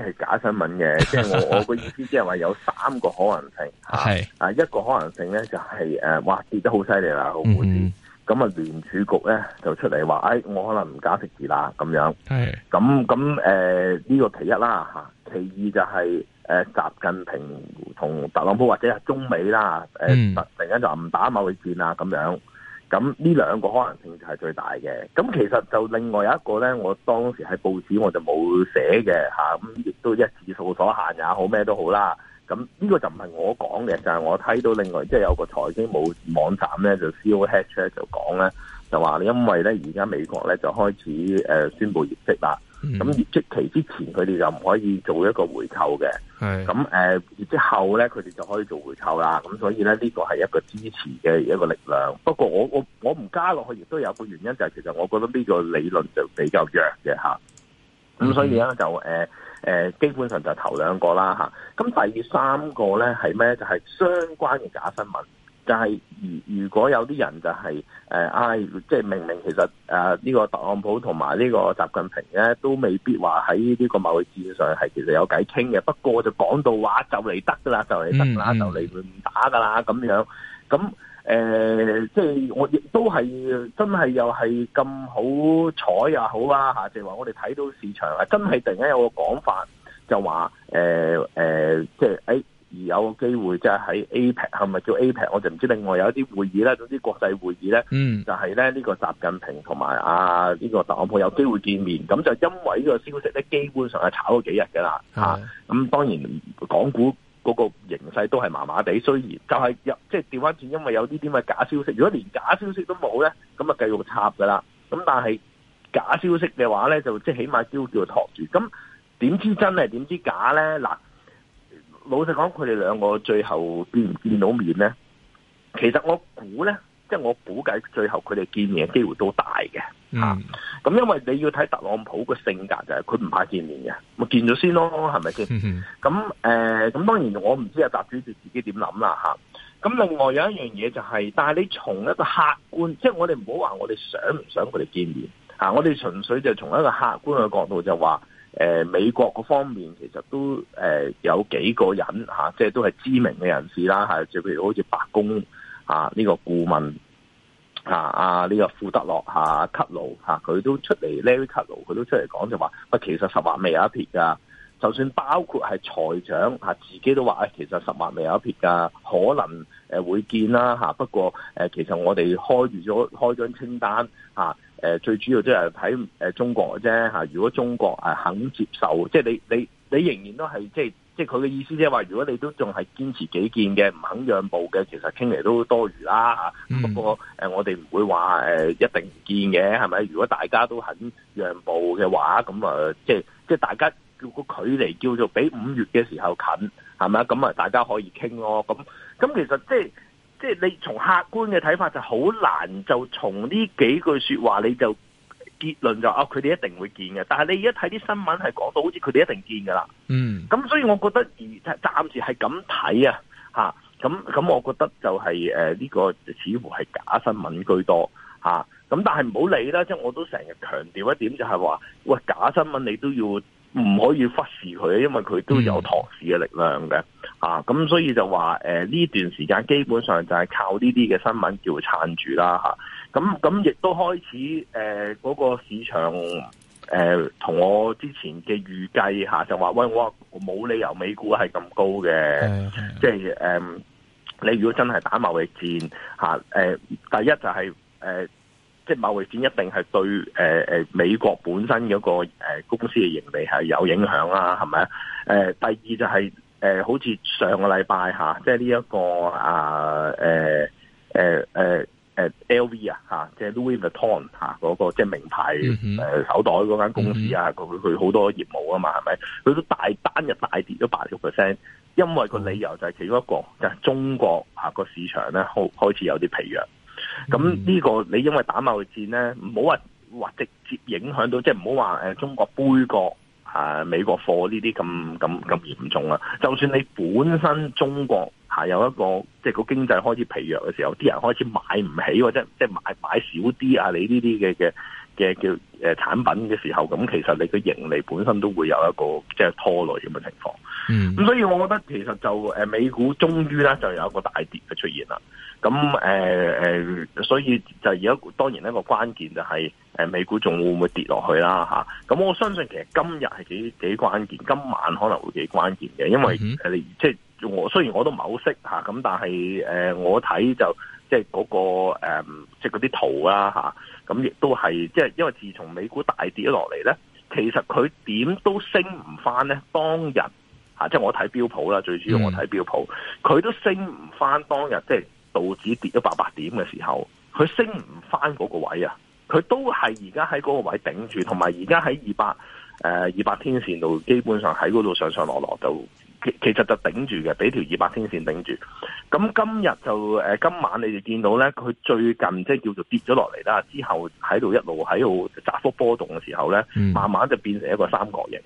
即係假新聞嘅，即係我我個意思即係話有三個可能性，係 啊一個可能性咧就係、是、誒，哇跌得好犀利啦，好唔咁啊聯儲局咧就出嚟話，誒、哎、我可能唔加息啦咁樣。係咁咁誒呢個其一啦嚇，其二就係、是呃、習近平同特朗普或者係中美啦誒，mm -hmm. 突然間就唔打貿易戰啦咁樣。咁呢兩個可能性就係最大嘅，咁其實就另外有一個咧，我當時喺報紙我就冇寫嘅嚇，咁、啊、亦都一字數所限也好咩都好啦，咁呢個就唔係我講嘅，就係、是、我睇到另外即係、就是、有個財經網網站咧就 c o h a 就講咧。就話因為咧而家，美國咧就開始誒宣布業績啦，咁業績期之前佢哋就唔可以做一個回購嘅，咁誒業績後咧佢哋就可以做回購啦，咁所以咧呢個係一個支持嘅一個力量。不過我我我唔加落去，亦都有個原因，就係、是、其實我覺得呢個理論就比較弱嘅吓。咁、嗯、所以咧就誒誒、呃呃，基本上就頭兩個啦吓。咁、啊、第三個咧係咩？就係、是、相關嘅假新聞。就係、是、如如果有啲人就係、是、唉、哎，即係明明其實誒呢、呃這個特朗普同埋呢個習近平咧，都未必話喺呢個貿易戰上係其實有偈傾嘅。不過就講到話就嚟得㗎喇，就嚟得啦，就嚟唔、嗯嗯、打㗎喇咁樣。咁、嗯、誒、嗯呃，即係我亦都係真係又係咁好彩又好啦嚇、啊，就話、是、我哋睇到市場係真係突然間有個講法，就話誒誒，即係誒。哎而有機會即係喺 APEC，係咪叫 APEC？我就唔知。另外有一啲會議咧，總之國際會議咧，就係咧呢個習近平同埋啊呢、啊啊這個特朗普有機會見面。咁就因為呢個消息咧，基本上係炒咗幾日嘅啦。嚇，咁、啊、當然港股嗰個形勢都係麻麻地，雖然就係入即係掉返轉，就是、因為有啲咁嘅假消息。如果連假消息都冇咧，咁啊繼續插嘅啦。咁但係假消息嘅話咧，就即係起碼都要叫托住。咁點知真係點知假咧？嗱。老實講，佢哋兩個最後見唔見到面咧？其實我估咧，即係我估計，最後佢哋見面嘅機會都大嘅。吓、嗯、咁、啊、因為你要睇特朗普嘅性格，就係佢唔怕見面嘅，咪見咗先咯，係咪先？咁、嗯、誒、咁、嗯嗯呃嗯、當然我唔知習主席自己點諗啦，吓、啊。咁、嗯、另外有一樣嘢就係、是，但係你從一個客觀，即係我哋唔好話我哋想唔想佢哋見面，吓、啊，我哋純粹就從一個客觀嘅角度就話。誒、呃、美國嗰方面其實都誒有幾個人，啊、即係都係知名嘅人士啦，係、啊，就譬如好似白宮嚇呢、啊這個顧問嚇，呢、啊啊這個庫德洛嚇，克魯嚇，佢、啊、都出嚟 ，Larry 克魯佢都出嚟講就話，是，喂其實實話未有一撇㗎。就算包括係財長嚇自己都話，其實十萬未有一撇㗎，可能誒會見啦嚇。不過誒，其實我哋開完咗開張清單嚇，誒最主要都係睇誒中國嘅啫嚇。如果中國誒肯接受，即係你你你仍然都係即係即係佢嘅意思是說，即係話如果你都仲係堅持己見嘅，唔肯讓步嘅，其實傾嚟都多餘啦。不過誒，我哋唔會話誒一定唔見嘅，係咪？如果大家都肯讓步嘅話，咁啊即係即係大家。叫個距離叫做比五月嘅時候近係咪啊？咁啊大家可以傾咯。咁咁其實即係即係你從客觀嘅睇法就好難，就，難就從呢幾句說話你就結論就啊，佢、哦、哋一定會見嘅。但係你而家睇啲新聞係講到好似佢哋一定見㗎啦。嗯。咁所以我覺得而暫時係咁睇啊，嚇。咁咁我覺得就係、是、呢、呃呢個似乎係假新聞居多嚇。咁、啊、但係唔好理啦。即係我都成日強調一點就係話，喂，假新聞你都要。唔可以忽視佢，因為佢都有托市嘅力量嘅，咁、嗯啊、所以就話誒呢段時間基本上就係靠呢啲嘅新聞叫撐住啦，吓、啊，咁咁亦都開始誒嗰、呃嗰個市場誒同、呃、我之前嘅預計吓，就話喂我冇理由美股係咁高嘅、嗯，即係誒、呃、你如果真係打貿易戰吓，誒、啊呃、第一就係、是、誒。呃即係貿易戰一定係對誒誒、呃、美國本身嗰個誒、呃、公司嘅盈利係有影響啊，係咪啊？誒、呃，第二就係、是、誒、呃，好似上個禮拜吓，即係呢一個啊誒誒誒誒 LV 啊吓，即係 Louis Vuitton 吓、啊，嗰、那個即係名牌誒、呃、手袋嗰間公司啊，佢佢好多業務啊嘛，係咪？佢都大單日大跌咗八十 %，percent，因為個理由就係其中一個就係、是、中國吓個市場咧好開始有啲疲弱。咁、嗯、呢個你因為打貿易戰呢，唔好話話直接影響到，即係唔好話誒，中國杯葛、啊、美國貨呢啲咁咁咁嚴重啦。就算你本身中國係有一個即係個經濟開始疲弱嘅時候，啲人開始買唔起或者即係買買少啲啊，你呢啲嘅嘅。嘅叫誒產品嘅時候，咁其實你嘅盈利本身都會有一個即係拖累咁嘅情況。嗯，咁所以我覺得其實就誒美股終於咧就有一個大跌嘅出現啦。咁誒、呃、所以就而家當然一個關鍵就係誒美股仲會唔會跌落去啦？嚇、啊，咁我相信其實今日係幾幾關鍵，今晚可能會幾關鍵嘅，因為、嗯、即係我雖然我都唔係好識嚇，咁、啊、但係誒、呃、我睇就即係嗰、嗰個即係嗰啲圖啦、啊咁亦都係，即係因為自從美股大跌落嚟咧，其實佢點都升唔翻咧。當日吓，啊，即係我睇標普啦，最主要我睇標普，佢都升唔翻當日，即係道指跌咗八百點嘅時候，佢升唔翻嗰個位啊！佢都係而家喺嗰個位頂住，同埋而家喺二百誒二百天線度，基本上喺嗰度上上落落就。其其實就頂住嘅，俾條二百星線頂住。咁今日就誒，今晚你哋見到咧，佢最近即係叫做跌咗落嚟啦，之後喺度一路喺度窄幅波動嘅時候咧、嗯，慢慢就變成一個三角形。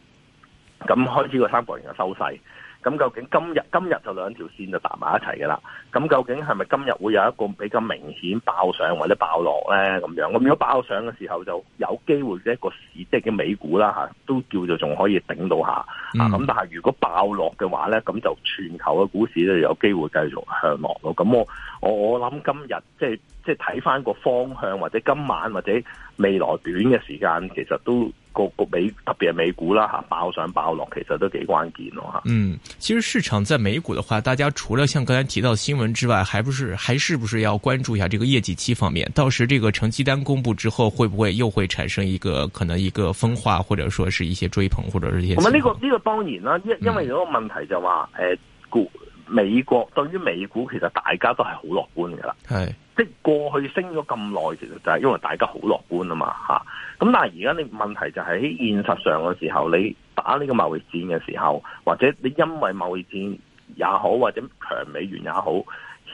咁開始個三角形嘅收細。咁究竟今日今日就兩條線就搭埋一齊嘅啦。咁究竟係咪今日會有一個比較明顯爆上或者爆落咧？咁樣咁如果爆上嘅時候就有機會一個市即係嘅、就是、美股啦吓，都叫做仲可以頂到下。嗯、啊咁，但係如果爆落嘅話咧，咁就全球嘅股市咧有機會繼續向落咯。咁我我我諗今日即係即係睇翻個方向或者今晚或者未來短嘅時間，其實都。個個美，特別係美股啦吓，爆上爆落，其實都幾關鍵咯、哦、吓。嗯，其實市場在美股的話，大家除了像剛才提到新聞之外，還不是還是不是要關注一下這個業績期方面？到時這個成績單公布之後，會不會又會產生一個可能一個分化，或者說是一些追捧，或者是一些？些、這、咁、個這個、啊，呢個呢個當然啦，因因為有個問題就話、是，誒、嗯，股、呃、美國對於美股其實大家都係好樂觀噶啦。係、哎。即過去升咗咁耐，其實就係因為大家好樂觀啊嘛，嚇！咁但係而家你問題就係喺現實上嘅時候，你打呢個貿易戰嘅時候，或者你因為貿易戰也好，或者強美元也好。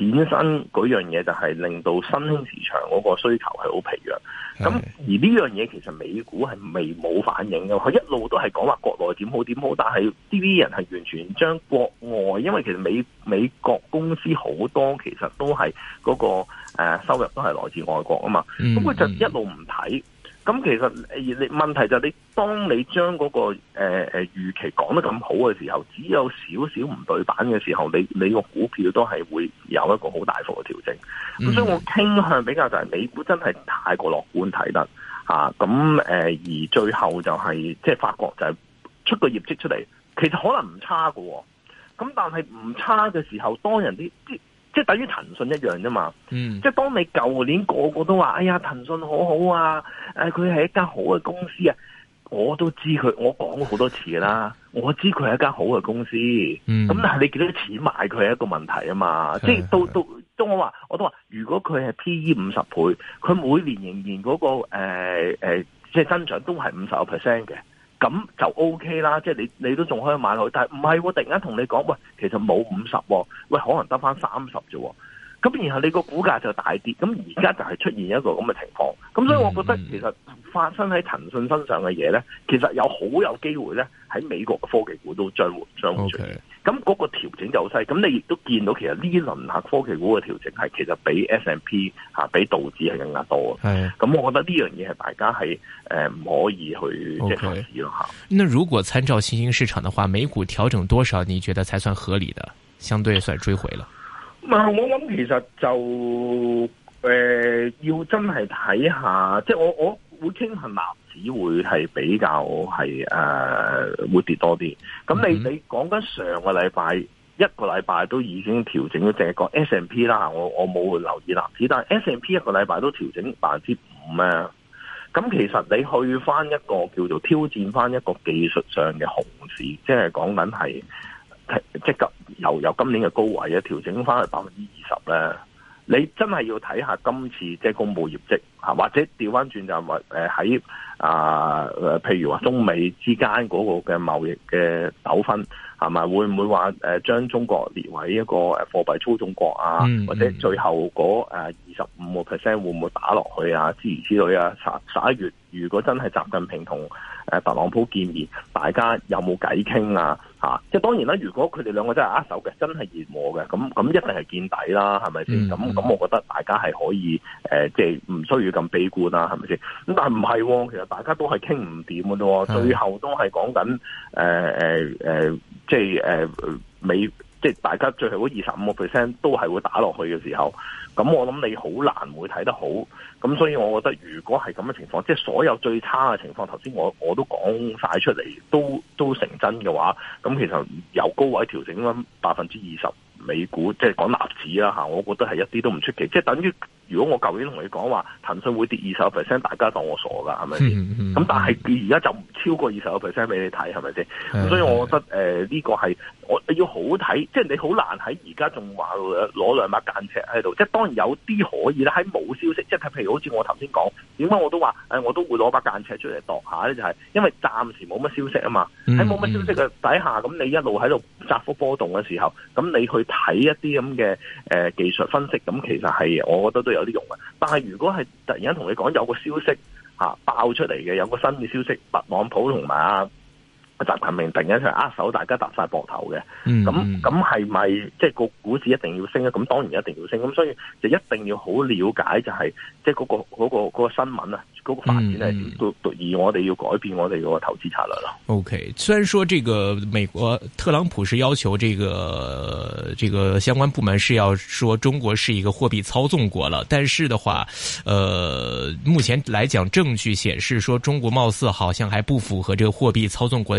衍生嗰樣嘢就係令到新興市場嗰個需求係好疲弱，咁而呢樣嘢其實美股係未冇反應嘅，佢一路都係講話國內點好點好，但係呢啲人係完全將國外，因為其實美美國公司好多其實都係嗰個、呃、收入都係來自外國啊嘛，咁佢就一路唔睇。咁其實，問題就係你當你將嗰個預期講得咁好嘅時候，只有少少唔對板嘅時候，你你個股票都係會有一個好大幅嘅調整。咁所以我傾向比較就係美股真係太過樂觀睇得咁、啊、而最後就係、是、即係發覺就係出個業績出嚟，其實可能唔差喎。咁但係唔差嘅時候，當人啲啲。即係等於騰訊一樣啫嘛，即係當你舊年個個都話，哎呀騰訊好好啊，誒佢係一間好嘅公司啊，我都知佢，我講過好多次啦，我知佢係一間好嘅公司，咁、嗯、但係你幾多錢買佢係一個問題啊嘛、嗯，即係到到，當我話，我都話，如果佢係 PE 五十倍，佢每年仍然嗰、那個誒誒、呃呃，即係增長都係五十個 percent 嘅。咁就 OK 啦，即係你你都仲可以買落去，但係唔係喎，我突然間同你講，喂，其實冇五十喎，喂，可能得翻三十啫喎。咁然後你個股價就大跌，咁而家就係出現一個咁嘅情況，咁、嗯、所以我覺得其實發生喺騰訊身上嘅嘢咧，其實有好有機會咧喺美國科技股都將會將會，咁、okay. 嗰個調整就細，咁你亦都見到其實呢輪下科技股嘅調整係其實比 S&P 吓、啊、比道指係更加多嘅，咁、okay. 嗯、我覺得呢樣嘢係大家係誒唔可以去即係睇市咯吓。Okay. 那如果參照新興市場的話，美股調整多少你覺得才算合理的，相對算追回了？ 唔，我諗其實就誒、呃，要真係睇下，即係我我會傾向納指會係比較係誒、呃、會跌多啲。咁你你講緊上個禮拜一個禮拜都已經調整咗，淨係 S n P 啦。我我冇留意納指但係 S n P 一個禮拜都調整百分之五咩？咁其實你去翻一個叫做挑戰翻一個技術上嘅熊市，即係講緊係。即係由由今年嘅高位咧調整翻去百分之二十咧，你真係要睇下今次即係公布業績，嚇，或者調翻轉就話誒喺啊誒譬如話中美之間嗰個嘅貿易嘅糾紛，係咪會唔會話誒將中國列為一個誒貨幣操縱國啊？嗯嗯或者最後嗰二十五個 percent 會唔會打落去啊？之類之類啊！十十一月如果真係習近平同。誒，特朗普建議大家有冇偈傾啊？嚇、啊，即係當然啦。如果佢哋兩個真係握手嘅，真係熱和嘅，咁咁一定係見底啦，係咪先？咁、嗯、咁、嗯，我覺得大家係可以誒，即係唔需要咁悲觀啦、啊，係咪先？咁但係唔係，其實大家都係傾唔掂嘅咯，是最後都係講緊誒誒誒，即係誒、呃、美，即係大家最後二十五個 percent 都係會打落去嘅時候。咁我諗你好難會睇得好。咁所以我覺得如果係咁嘅情況，即係所有最差嘅情況，頭先我我都講曬出嚟，都都成真嘅話，咁其實由高位調整翻百分之二十美股，即係講納指啦嚇，我覺得係一啲都唔出奇，即係等於。如果我舊年同你講話騰訊會跌二十個 percent，大家當我傻㗎係咪先？咁 但係佢而家就唔超過二十個 percent 俾你睇係咪先？所以我覺得誒呢、呃呢個係我要好睇，即係你好難喺而家仲話攞兩把間尺喺度。即係當然有啲可以啦，喺冇消息，即係譬如好似我頭先講點解我都話誒我都會攞把間尺出嚟度下咧，就係、係、因為暫時冇乜消息啊嘛。喺冇乜消息嘅底下，咁你一路喺度窄幅波動嘅時候，咁你去睇一啲咁嘅誒技術分析，咁其實係我覺得都有啲用嘅，但係如果係突然間同你講有個消息爆出嚟嘅，有個新嘅消息，特朗普同埋阿習近平突然間一握手，大家搭曬膊頭嘅。咁咁係咪即係個股市一定要升咧？咁當然一定要升。咁所以就一定要好了解、就是，就係即係嗰個嗰、那個那個、新聞啊，嗰、那個發展咧，都、嗯、而我哋要改變我哋個投資策略咯。O、okay, K，雖然說這個美國特朗普是要求這個這個相關部門是要說中國是一個貨幣操縱國了，但是的話，呃，目前來講，證據顯示說中國貌似好像還不符合這個貨幣操縱國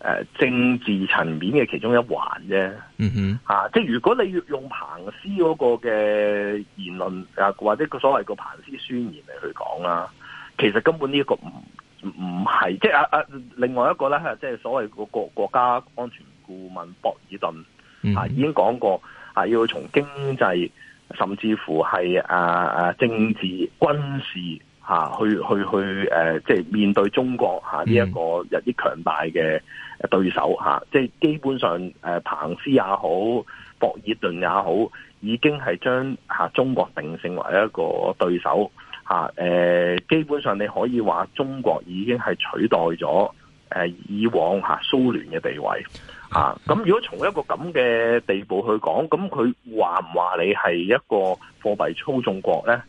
誒，政治層面嘅其中一環啫，吓、mm-hmm. 啊，即係如果你要用彭斯嗰個嘅言論啊，或者個所謂個彭斯宣言嚟去講啦，其實根本呢個唔唔係，即係、啊啊、另外一個咧，即係所謂個國國家安全顧問博爾頓啊，已經講過係、啊、要從經濟，甚至乎係、啊、政治軍事。吓，去去去，誒、呃，即係面對中國吓呢、啊、一個日益強大嘅對手吓、啊，即係基本上誒、呃，彭斯也好，博爾頓也好，已經係將吓、啊、中國定性為一個對手吓。誒、啊呃，基本上你可以話中國已經係取代咗誒、啊、以往吓、啊、蘇聯嘅地位吓。咁、啊、如果從一個咁嘅地步去講，咁佢話唔話你係一個貨幣操縱國咧？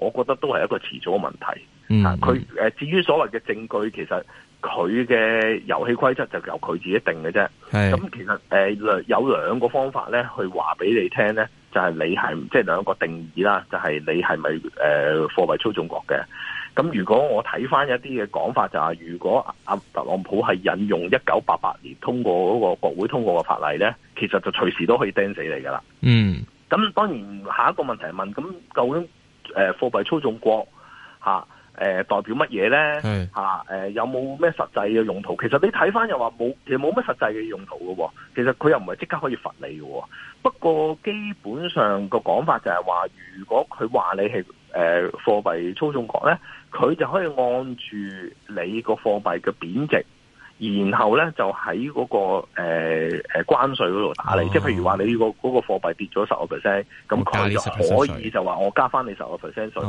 我覺得都係一個遲早嘅問題。嗯，佢、嗯、誒、呃，至於所謂嘅證據，其實佢嘅遊戲規則就由佢自己定嘅啫。係咁，其實誒、呃，有兩個方法咧，去話俾你聽咧，就係、是、你係即係兩個定義啦，就係、是、你係咪誒貨幣操縱國嘅？咁如果我睇翻一啲嘅講法、就是，就係如果阿特朗普係引用一九八八年通過嗰個國會通過嘅法例咧，其實就隨時都可以釘死你噶啦。嗯，咁當然下一個問題是問，咁究竟？誒，貨幣操縱國吓，誒、呃、代表乜嘢咧？吓、啊，誒、呃、有冇咩實際嘅用途？其實你睇翻又話冇，其實冇咩實際嘅用途嘅。其實佢又唔係即刻可以罰你嘅。不過基本上個講法就係話，如果佢話你係誒貨幣操縱國咧，佢就可以按住你個貨幣嘅貶值。然後咧就喺嗰、那個誒、呃、關關稅嗰度打嚟。即、哦、係譬如話你個嗰、那個貨幣跌咗十個 percent，咁佢就可以就話我加翻你十個 percent 稅。咁、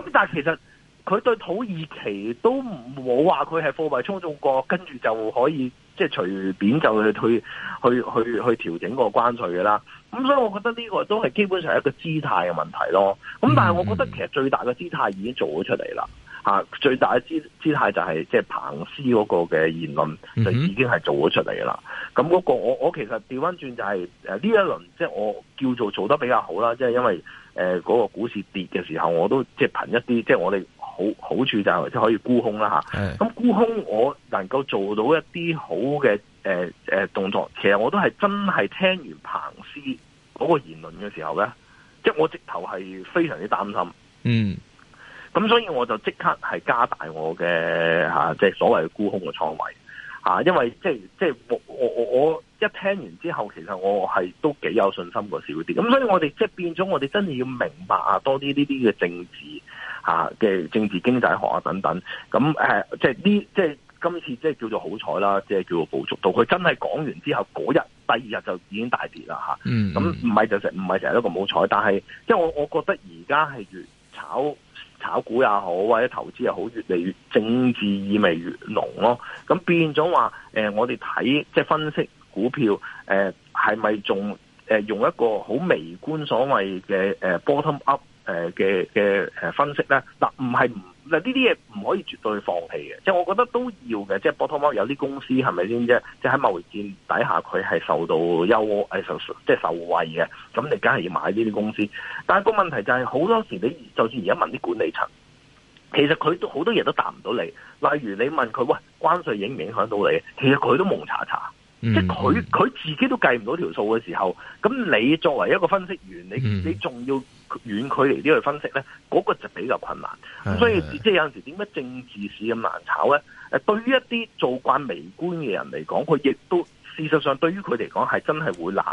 哦、但係其實佢對土耳其都冇話佢係貨幣操縱國，跟住就可以即係、就是、隨便就去去去去，去調整個關稅嘅啦。咁所以我覺得呢個都係基本上係一個姿態嘅問題咯。咁但係我覺得其實最大嘅姿態已經做咗出嚟啦。嗯嗯。啊！最大嘅姿姿態就係即係彭斯嗰個嘅言論就已經係做咗出嚟嘅啦。咁、mm、嗰 -hmm. 個我我其實掉返轉就係誒呢一輪即係我叫做做得比較好啦，即、就、係、是、因為誒嗰、呃那個股市跌嘅時候，我都即係憑一啲即係我哋好好處就係即可以沽空啦吓。咁、mm -hmm. 沽空我能夠做到一啲好嘅誒誒動作，其實我都係真係聽完彭斯嗰個言論嘅時候咧，即、就、係、是、我直頭係非常之擔心。嗯、mm -hmm.。咁所以我就即刻係加大我嘅嚇，即係所謂嘅沽空嘅倉位、啊、因為即係即係我我我我一聽完之後，其實我係都幾有信心過少啲。咁、啊、所以我哋即係變咗，我哋真係要明白啊，多啲呢啲嘅政治嘅、啊、政治經濟學啊等等。咁誒，即係呢，即、就、係、是就是、今次即係叫做好彩啦，即、就、係、是、叫做捕捉到佢真係講完之後嗰日，第二日就已經大跌啦嚇。咁唔係就成唔係成日都咁好彩，但係即係我我覺得而家係越炒。炒股也好，或者投資又好，越嚟越政治意味越濃咯。咁變咗話，誒、呃、我哋睇即係分析股票，誒係咪仲誒用一個好微觀所謂嘅誒 bottom up 誒嘅嘅誒分析咧？嗱唔係唔。嗱呢啲嘢唔可以絕對放棄嘅，即係我覺得都要嘅，即係 bottom line 有啲公司係咪先啫？即係喺貿易戰底下佢係受到優誒受即係受惠嘅，咁你梗係要買呢啲公司。但係個問題就係、是，好多時你就算而家問啲管理層，其實佢都好多嘢都答唔到你。例如你問佢喂，關稅影唔影響到你？其實佢都蒙查查。嗯嗯、即係佢佢自己都計唔到條數嘅時候，咁你作為一個分析員，你你仲要遠距離啲去分析咧，嗰、嗰個就比較困難。咁所以、嗯、即係有陣時點解政治市咁難炒咧？誒，對於一啲做慣微觀嘅人嚟講，佢亦都。事實上，對於佢嚟講係真係會難，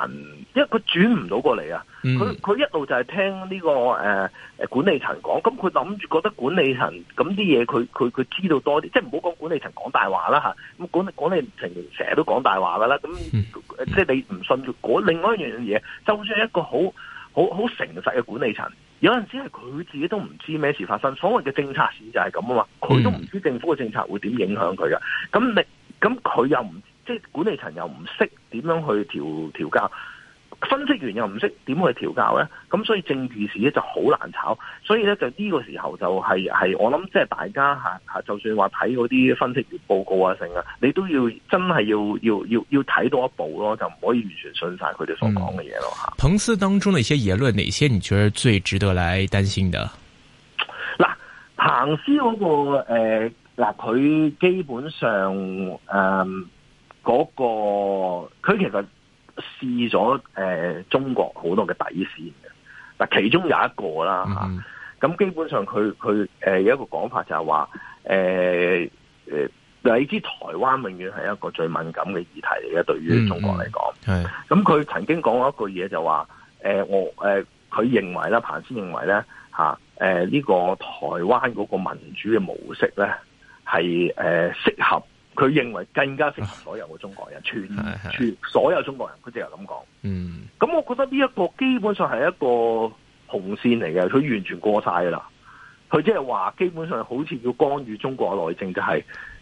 因為佢轉唔到過嚟啊！佢、嗯、佢一路就係聽呢、這個誒誒、呃、管理層講，咁佢諗住覺得管理層咁啲嘢，佢佢佢知道多啲，即係唔好講管理層講大話啦吓。咁管理管理層成日都講大話噶啦，咁即係你唔信嗰另外一樣嘢，就算一個好好好誠實嘅管理層，有陣時係佢自己都唔知咩事發生。所謂嘅政策市就係咁啊嘛，佢都唔知政府嘅政策會點影響佢噶。咁你咁佢又唔？即係管理層又唔識點樣去調調教，分析員又唔識點去調教咧，咁所以政治市咧就好難炒。所以咧就呢個時候就係、是、係我諗即係大家吓吓就算話睇嗰啲分析報報告啊成啊，你都要真係要要要要睇多一步咯，就唔可以完全信晒佢哋所講嘅嘢咯吓、嗯。彭斯當中嘅一些言論，哪些你覺得最值得來擔心的？嗱，彭斯嗰、那個誒嗱，佢、呃、基本上誒。呃嗰、那個佢其實試咗、呃、中國好多嘅底線嘅，嗱，其中有一個啦咁、啊、基本上佢佢有一個講法就係話誒你知台灣永遠係一個最敏感嘅議題嚟嘅、嗯，對於中國嚟講，咁佢曾經講過一句嘢就話誒、呃、我誒佢、呃、認為咧，彭斯認為咧嚇呢個台灣嗰個民主嘅模式咧係、呃、適合。佢認為更加適合所有嘅中國人，啊、全全所有中國人，佢淨係咁講。嗯，咁我覺得呢一個基本上係一個紅線嚟嘅，佢完全過晒啦。佢即係話，基本上好似要干預中國的內政，就係、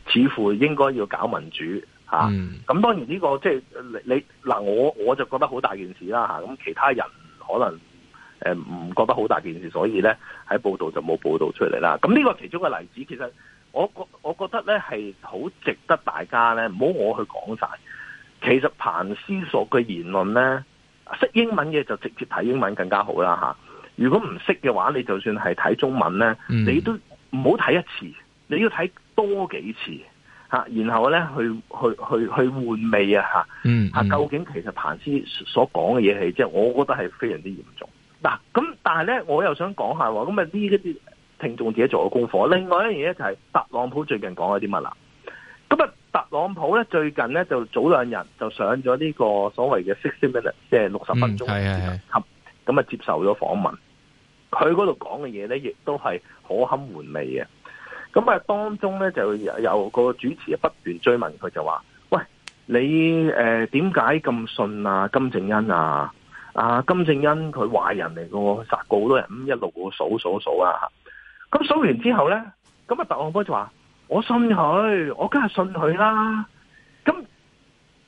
是、似乎應該要搞民主嚇。咁、啊嗯、當然呢、這個即係、就是、你嗱，我我就覺得好大件事啦嚇。咁、啊、其他人可能誒唔、呃、覺得好大件事，所以咧喺報道就冇報道出嚟啦。咁呢個其中嘅例子其實。我覺我覺得咧係好值得大家咧，唔好我去講晒。其實彭斯所嘅言論咧，識英文嘅就直接睇英文更加好啦吓。如果唔識嘅話，你就算係睇中文咧，你都唔好睇一次，你要睇多幾次吓，然後咧去去去去換味啊吓。吓，究竟其實彭斯所講嘅嘢係即係，我覺得係非常之嚴重。嗱，咁但係咧，我又想講下話，咁啊呢一啲。聽眾自己做嘅功課，另外一樣嘢就係特朗普最近講咗啲乜啦？咁啊，特朗普咧最近咧就早兩日就上咗呢個所謂嘅 sixty minute，即係六十分鐘嘅視頻咁啊接受咗訪問。佢嗰度講嘅嘢咧，亦都係可堪玩味嘅。咁啊，當中咧就有個主持不斷追問佢，就話：，喂，你誒點解咁信啊金正恩啊？啊金正恩佢壞人嚟嘅，殺過好多人，咁一路數數數啊！咁數完之後咧，咁啊，特朗普就話：我信佢，我梗係信佢啦。咁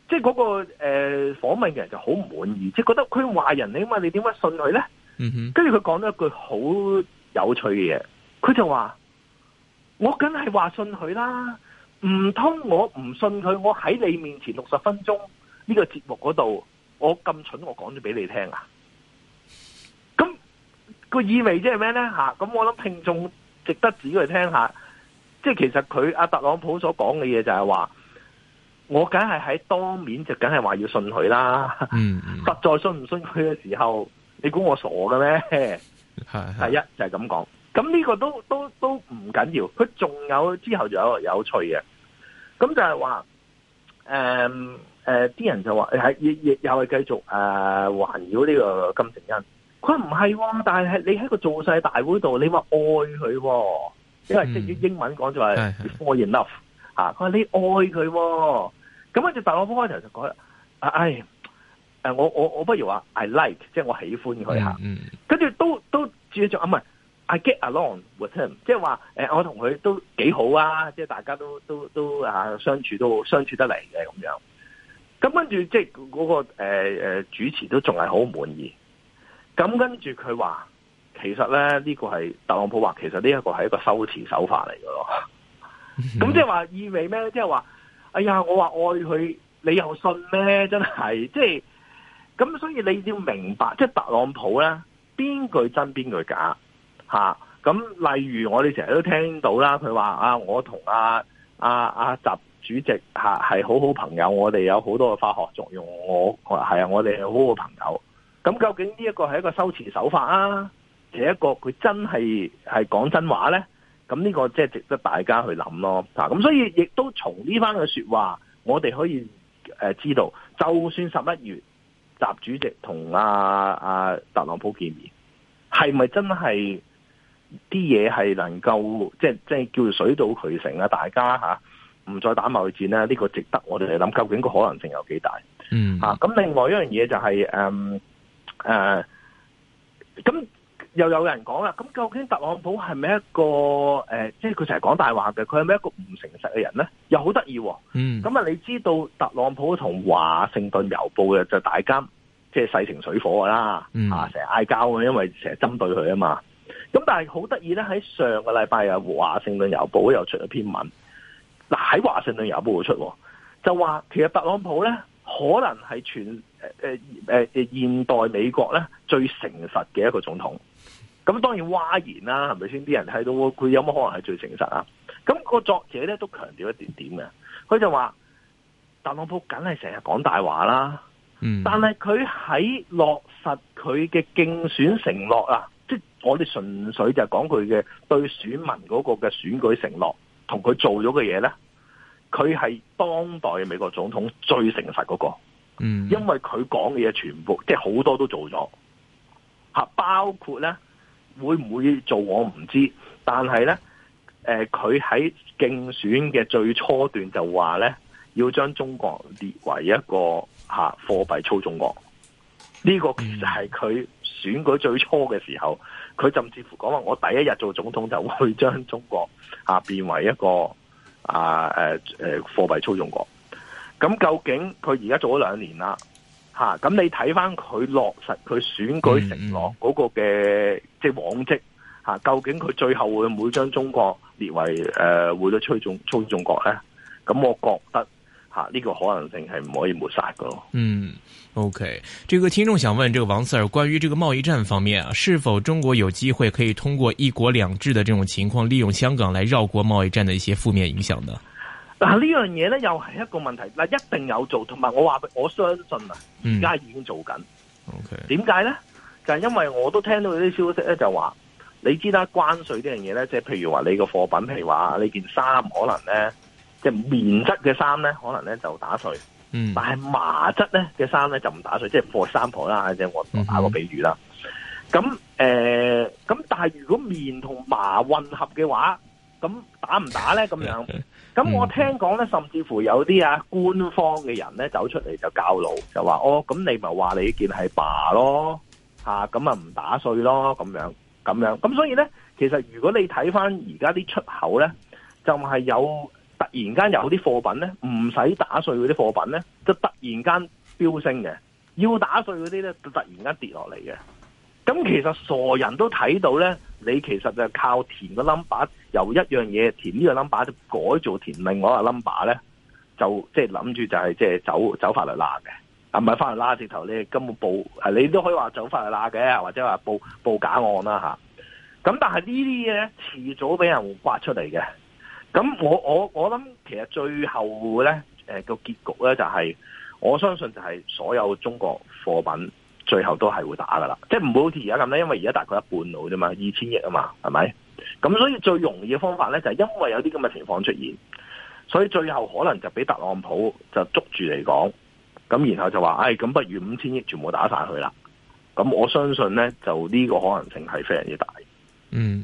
即係、那、嗰個誒訪、呃、問嘅人就好唔滿意，即係覺得佢話人你因為嘛，你點解信佢咧？跟住佢講咗一句好有趣嘅嘢，佢就話：我梗係話信佢啦，唔通我唔信佢？我喺你面前六十分鐘呢個節目嗰度，我咁蠢，我講咗俾你聽啊！個意味即係咩咧？吓？咁、嗯、我諗聽眾值得自己去聽下，即係其實佢阿特朗普所講嘅嘢就係話，我梗係喺當面就梗係話要信佢啦。實、嗯嗯、在信唔信佢嘅時候，你估我傻嘅咩？係第一就係咁講。咁呢個都都都唔緊要。佢仲有之後就有有趣嘅，咁就係話，誒、呃、誒，啲、呃、人就話係亦亦又係繼續誒環繞呢個金正恩。佢唔唔係，但係你喺個造勢大會度，你話愛佢、啊，因、嗯、為即係英文講就話，for enough 佢話你愛佢、啊，咁跟住大我方開頭就講啦、哎，我我我不如話，I like，即係我喜歡佢吓，跟、嗯、住都都住，做啊唔係，I get along with him，即係話誒我同佢都幾好啊，即係大家都都都啊相處都相處得嚟嘅咁樣，咁跟住即係嗰、那個誒誒、呃、主持都仲係好滿意。咁跟住佢話，其實咧呢個係特朗普話，其實呢、這個、其實個一個係一個修辭手法嚟嘅咯。咁即係話意味咩咧？即係話，哎呀，我話愛佢，你又信咩？真係，即係咁。所以你要明白，即係特朗普咧，邊句真邊句假吓。咁、啊、例如我哋成日都聽到啦，佢話啊，我同阿阿阿習主席吓係好好朋友，我哋有好多嘅化學作用。我係啊，我哋係好好朋友。咁究竟呢一個係一個修辭手法啊，其一個佢真係係講真話咧？咁呢個即係值得大家去諗咯。吓咁，所以亦都從呢番嘅說話，我哋可以誒、呃、知道，就算十一月習主席同阿阿特朗普見面，係咪真係啲嘢係能夠即係即係叫水到渠成啊？大家吓唔、啊、再打貿易戰呢、啊，這個值得我哋去諗，究竟個可能性有幾大？嗯，吓、啊、咁，另外一樣嘢就係、是、誒。嗯誒、呃，咁又有人講啊，咁究竟特朗普係咪一個誒，即係佢成日講大話嘅，佢係咪一個唔誠實嘅人咧？又好得意，喎、嗯！咁啊，你知道特朗普同華盛頓郵報嘅就大家即係勢成水火噶啦、嗯，啊，成日嗌交嘅，因為成日針對佢啊嘛。咁但係好得意咧，喺上個禮拜又華盛頓郵報又出咗篇文，嗱喺華盛頓郵報出，就話其實特朗普咧可能係全。誒誒現代美國咧，最誠實嘅一個總統，咁當然嘩然啦、啊，係咪先？啲人睇到佢有乜可能係最誠實啊？咁、那個作者咧都強調一點點嘅，佢就話特朗普梗係成日講大話啦，但係佢喺落實佢嘅競選承諾啊，即、就、係、是、我哋純粹就係講佢嘅對選民嗰個嘅選舉承諾同佢做咗嘅嘢咧，佢係當代美國總統最誠實嗰、那個。嗯，因為佢講嘅嘢全部，即係好多都做咗，吓，包括咧會唔會做我唔知，但係咧，誒佢喺競選嘅最初段就話咧，要將中國列為一個吓貨幣操縱國，呢個其實係佢選舉最初嘅時候，佢甚至乎講話我第一日做總統就會將中國吓、啊、變為一個啊誒誒貨幣操縱國。咁究竟佢而家做咗兩年啦，吓、啊、咁你睇翻佢落實佢選舉承諾嗰個嘅、嗯、即係往績吓、啊，究竟佢最後會唔會將中國列為誒、呃、會都操縱操縱國咧？咁、啊、我覺得吓呢、啊，這個可能性係唔可以抹殺噶。嗯，OK，這個聽眾想問這個王 Sir 關於這個貿易戰方面啊，是否中國有機會可以通過一國兩制的這種情況，利用香港來繞過貿易戰的一些負面影響呢？嗱呢樣嘢咧又係一個問題嗱，一定有做，同埋我話俾，我相信啊，而家已經做緊。O K. 點解咧？就係、是、因為我都聽到啲消息咧，就話你知啦，關稅呢樣嘢咧，即係譬如話你個貨品，譬如話你件衫，可能咧即係棉質嘅衫咧，可能咧就打稅，嗯、但係麻質咧嘅衫咧就唔打稅，即係貨三婆啦，即係我我打個比喻啦。咁、嗯、誒，咁、呃、但係如果棉同麻混合嘅話，咁打唔打呢？咁樣，咁我聽講呢，甚至乎有啲啊官方嘅人呢走出嚟就教路，就話哦，咁你咪話你件係爸咯，吓，咁啊唔打碎咯，咁樣咁樣，咁所以呢，其實如果你睇翻而家啲出口呢，就係、是、有突然間有啲貨品呢，唔使打碎嗰啲貨品呢，就突然間飆升嘅，要打碎嗰啲呢，就突然間跌落嚟嘅。咁其實傻人都睇到咧，你其實就靠填個 number，由一樣嘢填呢個 number 就改做填另外一個 number 咧，就即係諗住就係即係走走法律罅嘅，係、啊、咪？返嚟啦直頭，你根本報，你都可以話走法律罅嘅，或者話報報假案啦吓，咁、啊、但係呢啲嘢咧遲早俾人刮出嚟嘅。咁我我我諗其實最後咧誒、呃那個結局咧就係、是、我相信就係所有中國貨品。最後都係會打噶啦，即係唔會好似而家咁咧，因為而家大概一半度啫嘛，二千億啊嘛，係咪？咁所以最容易嘅方法咧，就係因為有啲咁嘅情況出現，所以最後可能就俾特朗普就捉住嚟講，咁然後就話，唉、哎，咁不如五千億全部打晒佢啦，咁我相信咧就呢個可能性係非常之大，嗯。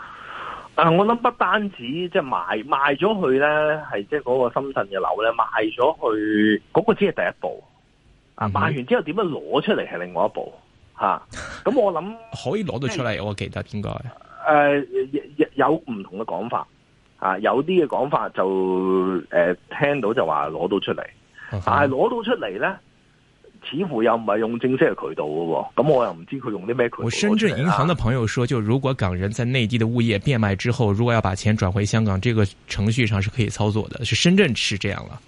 但係我諗不單止即係賣賣咗去咧，係即係嗰個深圳嘅樓咧賣咗去，嗰、那個只係第一步。啊、嗯，賣完之後點樣攞出嚟係另外一步。吓、 啊，咁我諗可以攞到出嚟，我記得應該。誒、呃，有唔同嘅講法。啊，有啲嘅講法就誒、呃、聽到就話攞到出嚟， 但係攞到出嚟咧。似乎又唔係用正式嘅渠道嘅、哦，咁我又唔知佢用啲咩渠道。我深圳銀行嘅朋友說，就如果港人在內地嘅物業變賣之後，如果要把錢轉回香港，這個程序上是可以操作的，是深圳是這樣啦。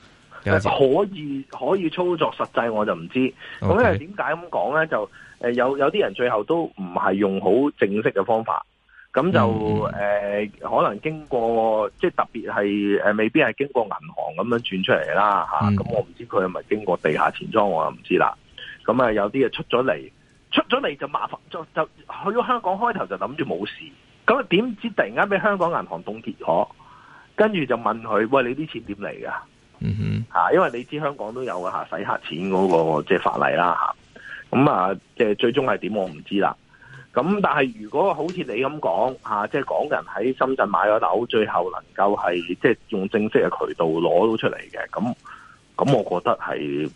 了解，可以可以操作，實際我就唔知。咁、okay. 因為點解咁講咧？就誒，有有啲人最後都唔係用好正式嘅方法。咁就誒、mm -hmm. 呃，可能經過即係特別係未必係經過銀行咁樣轉出嚟啦嚇。咁、啊 mm -hmm. 嗯、我唔知佢係咪經過地下錢莊，我又唔知啦。咁、嗯、啊，有啲啊出咗嚟，出咗嚟就麻煩，就就，就去咗香港，開頭就諗住冇事，咁啊點知突然間俾香港銀行凍結咗，跟住就問佢：喂，你啲錢點嚟㗎？嗯、mm -hmm. 啊、因為你知香港都有嘅嚇、啊、洗黑錢嗰個即係法例啦嚇。咁啊，即、啊啊、最終係點，我唔知啦。咁但係如果好似你咁講嚇，即係港人喺深圳買咗樓，最後能夠係即係用正式嘅渠道攞到出嚟嘅，咁咁我覺得係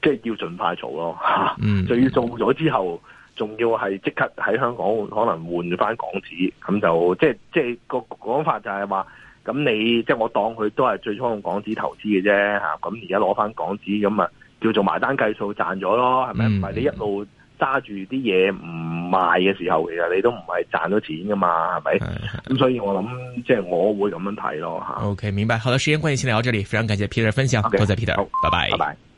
即係要盡快做咯嚇、啊、就要做咗之後，仲要係即刻喺香港可能換翻港紙，咁就即係即係個講法就係話，咁你即係、即係、我當佢都係最初用港紙投資嘅啫嚇，咁而家攞翻港紙咁啊，叫做埋單計數賺咗咯，係咪？唔、嗯、係你一路。揸住啲嘢唔賣嘅時候，其實你都唔係賺到錢噶嘛，係咪？咁、嗯、所以我諗即係我會咁樣睇咯吓。OK，明白。好的，時間關係先聊到這裡，非常感謝 Peter 分享，多、okay, 謝 Peter，拜、okay. 拜。Bye bye. Bye bye.